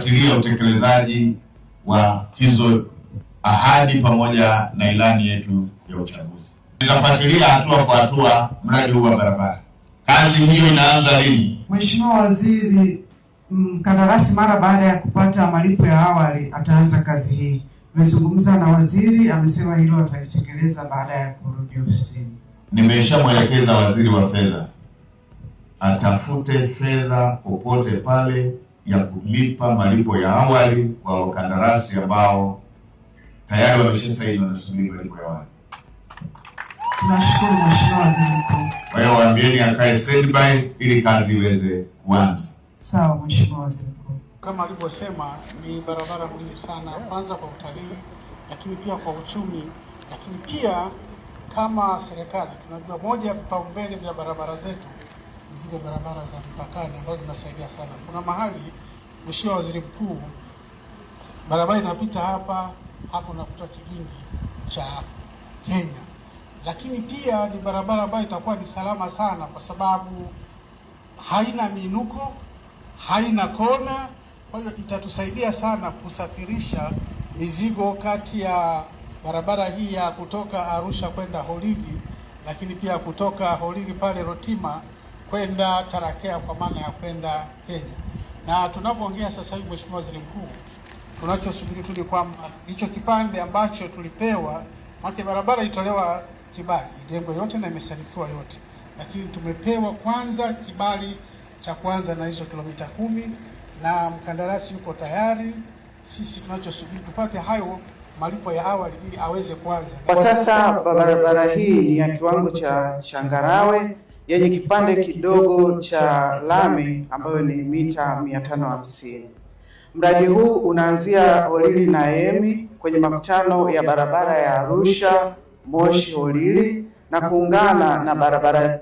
kufuatilia utekelezaji wa hizo ahadi pamoja na ilani yetu ya uchaguzi. Nitafuatilia hatua kwa hatua mradi huu wa barabara. Kazi hiyo inaanza lini? Mheshimiwa Waziri, mkandarasi mm, mara baada ya kupata malipo ya awali ataanza kazi hii. Nimezungumza na waziri, amesema hilo atalitekeleza baada ya kurudi ofisini. Nimeshamwelekeza waziri wa fedha atafute fedha popote pale ya kulipa malipo ya awali kwa wakandarasi ambao tayari wameshasaini wanasubiri malipo ya awali. Tunashukuru Mheshimiwa Waziri Mkuu. Kwa hiyo waambieni akae standby ili kazi iweze kuanza. Sawa Mheshimiwa Waziri Mkuu. Kama alivyosema ni barabara muhimu sana, kwanza kwa utalii, lakini pia kwa uchumi, lakini pia kama serikali tunajua moja ya vipaumbele vya barabara zetu zile barabara za mipakani ambazo zinasaidia sana. Kuna mahali Mheshimiwa Waziri Mkuu, barabara inapita hapa hapo, unakuta kijingi cha Kenya, lakini pia ni barabara ambayo itakuwa ni salama sana, kwa sababu haina miinuko, haina kona. Kwa hiyo itatusaidia sana kusafirisha mizigo kati ya barabara hii ya kutoka Arusha kwenda Holili, lakini pia kutoka Holili pale Rotima kwenda Tarakea kwa maana ya kwenda Kenya. Na tunavyoongea sasa hivi, Mheshimiwa Waziri Mkuu, tunachosubiri tu ni kwamba hicho kipande ambacho tulipewa, maana barabara ilitolewa kibali, ilijengwa yote na imesanifiwa yote, lakini tumepewa kwanza kibali cha kwanza na hizo kilomita kumi na mkandarasi yuko tayari. Sisi tunachosubiri tupate hayo malipo ya awali ili aweze kuanza. Kwa sasa barabara hii ni ya kiwango cha changarawe yenye kipande kidogo cha lami ambayo ni mita 550. Mradi huu unaanzia Holili na Emmy kwenye makutano ya barabara ya Arusha Moshi Holili na kuungana na barabara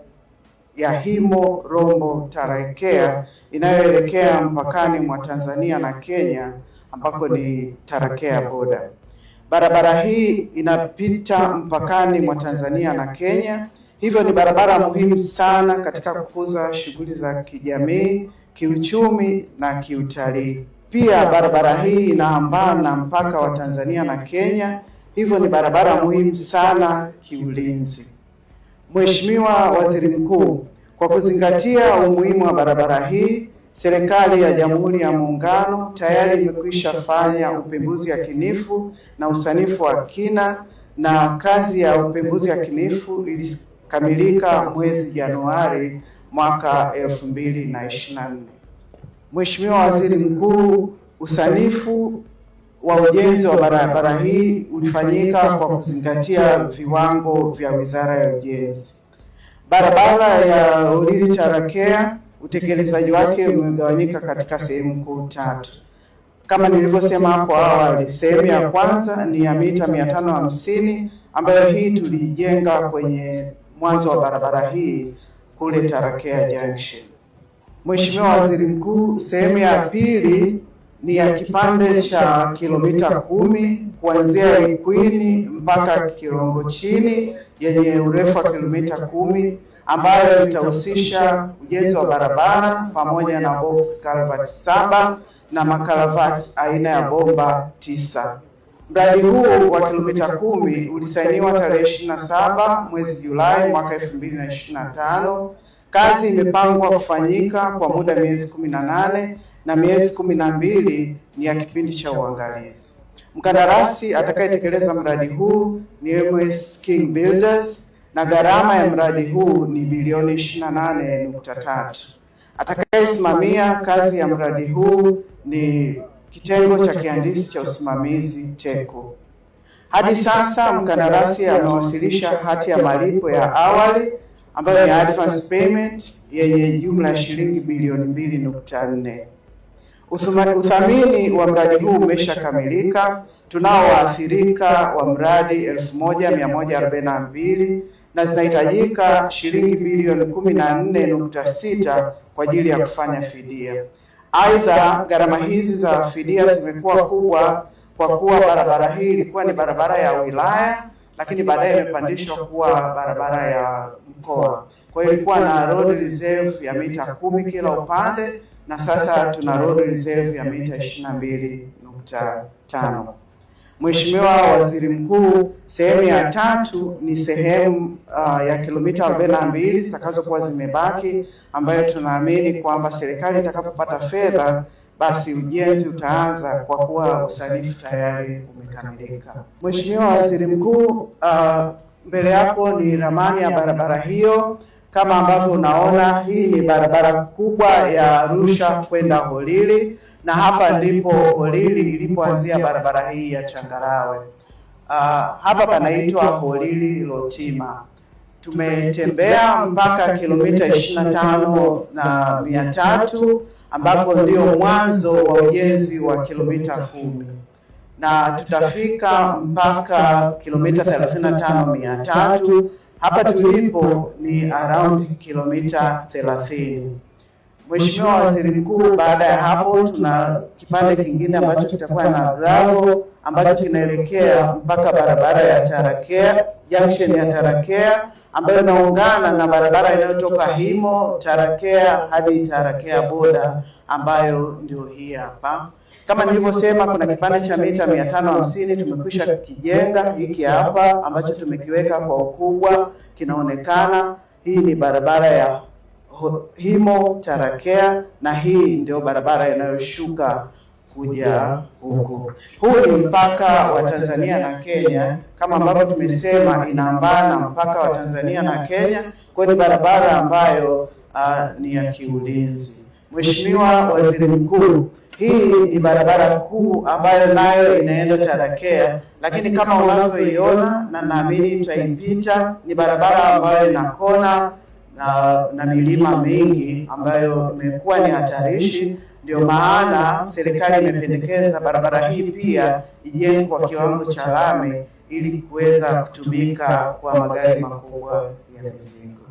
ya Himo Rombo Tarakea inayoelekea mpakani mwa Tanzania na Kenya ambako ni Tarakea boda. Barabara hii inapita mpakani mwa Tanzania na Kenya Hivyo ni barabara muhimu sana katika kukuza shughuli za kijamii, kiuchumi na kiutalii. Pia barabara hii inaambana na mpaka wa Tanzania na Kenya, hivyo ni barabara muhimu sana kiulinzi. Mheshimiwa Waziri Mkuu, kwa kuzingatia umuhimu wa barabara hii, serikali ya Jamhuri ya Muungano tayari imekwisha fanya upembuzi yakinifu na usanifu wa kina, na kazi ya upembuzi yakinifu ili kamilika mwezi Januari mwaka 2024. Mheshimiwa Waziri Mkuu, usanifu wa ujenzi wa barabara hii ulifanyika kwa kuzingatia viwango vya Wizara ya Ujenzi. Barabara ya Olili Charakea utekelezaji wake umegawanyika katika sehemu kuu tatu kama nilivyosema hapo awali. Sehemu ya kwanza ni ya mita 550 ambayo hii tuliijenga kwenye mwanzo wa barabara hii kule Tarakea Junction. Mheshimiwa Waziri Mkuu, sehemu ya pili ni ya kipande cha kilomita kumi kuanzia Ikwini mpaka Kirongo Chini yenye urefu wa kilomita kumi ambayo itahusisha ujenzi wa barabara pamoja na box culvert saba na makalavati aina ya bomba tisa. Mradi huu wa kilomita kumi ulisainiwa tarehe 27 mwezi Julai mwaka 2025. Kazi imepangwa kufanyika kwa muda miezi 18 na miezi 12 ni ya kipindi cha uangalizi. Mkandarasi atakayetekeleza mradi huu ni MS King Builders na gharama ya mradi huu ni bilioni 28.3. Atakayesimamia kazi ya mradi huu ni kitengo cha kihandisi cha usimamizi teko Hadi sasa mkandarasi amewasilisha hati ya malipo ya awali ambayo ni advance payment yenye jumla ya shilingi bilioni mbili nukta nne. Uthamini wa mradi huu umeshakamilika. Tunao waathirika wa mradi 1142 na zinahitajika shilingi bilioni 14.6 kwa ajili ya kufanya fidia. Aidha, gharama hizi za fidia zimekuwa kubwa kwa kuwa barabara hii ilikuwa ni barabara ya wilaya, lakini baadaye imepandishwa kuwa barabara ya mkoa. Kwa hiyo ilikuwa na road reserve ya mita kumi kila upande na sasa tuna road reserve ya mita ishirini na mbili nukta tano. Mheshimiwa Waziri Mkuu, sehemu ya tatu ni sehemu uh, ya kilomita 42 na mbili zitakazokuwa zimebaki ambayo tunaamini kwamba serikali itakapopata fedha basi ujenzi utaanza kwa kuwa usanifu tayari umekamilika. Mheshimiwa Waziri Mkuu, uh, mbele yako ni ramani ya barabara hiyo. Kama ambavyo unaona, hii ni barabara kubwa ya Arusha kwenda Holili, na hapa ndipo Holili ilipoanzia barabara hii ya changarawe. Uh, hapa panaitwa Holili Lotima. Tumetembea mpaka kilomita 25 na tano mia tatu ambapo ndio mwanzo wa ujenzi wa kilomita kumi na tutafika mpaka kilomita 35 na mia tatu hapa tulipo ni around kilomita 30. Mheshimiwa Waziri Mkuu, baada ya hapo tuna kipande kingine ambacho kitakuwa na gravel ambacho kinaelekea mpaka barabara ya Tarakea, junction ya Tarakea ambayo inaungana na barabara inayotoka Himo Tarakea hadi Tarakea boda ambayo ndio hii hapa. Kama nilivyosema, kuna kipande cha mita 550 tumekwisha kijenga hiki hapa ambacho tumekiweka kwa ukubwa, kinaonekana. Hii ni barabara ya Himo Tarakea, na hii ndio barabara inayoshuka kuja huku. Huu ni mpaka wa Tanzania na Kenya, kama ambavyo tumesema inaambana mpaka wa Tanzania na Kenya, kwa ni barabara ambayo uh, ni ya kiulinzi. Mheshimiwa Waziri Mkuu, hii ni barabara kuu ambayo nayo inaenda Tarakea, lakini kama unavyoiona na naamini tutaipita, ni barabara ambayo ina kona na, ah, na milima mingi ambayo imekuwa ni hatarishi ndio maana serikali imependekeza barabara hii pia ijengwe kwa kiwango cha lami ili kuweza kutumika kwa magari makubwa ya mizigo.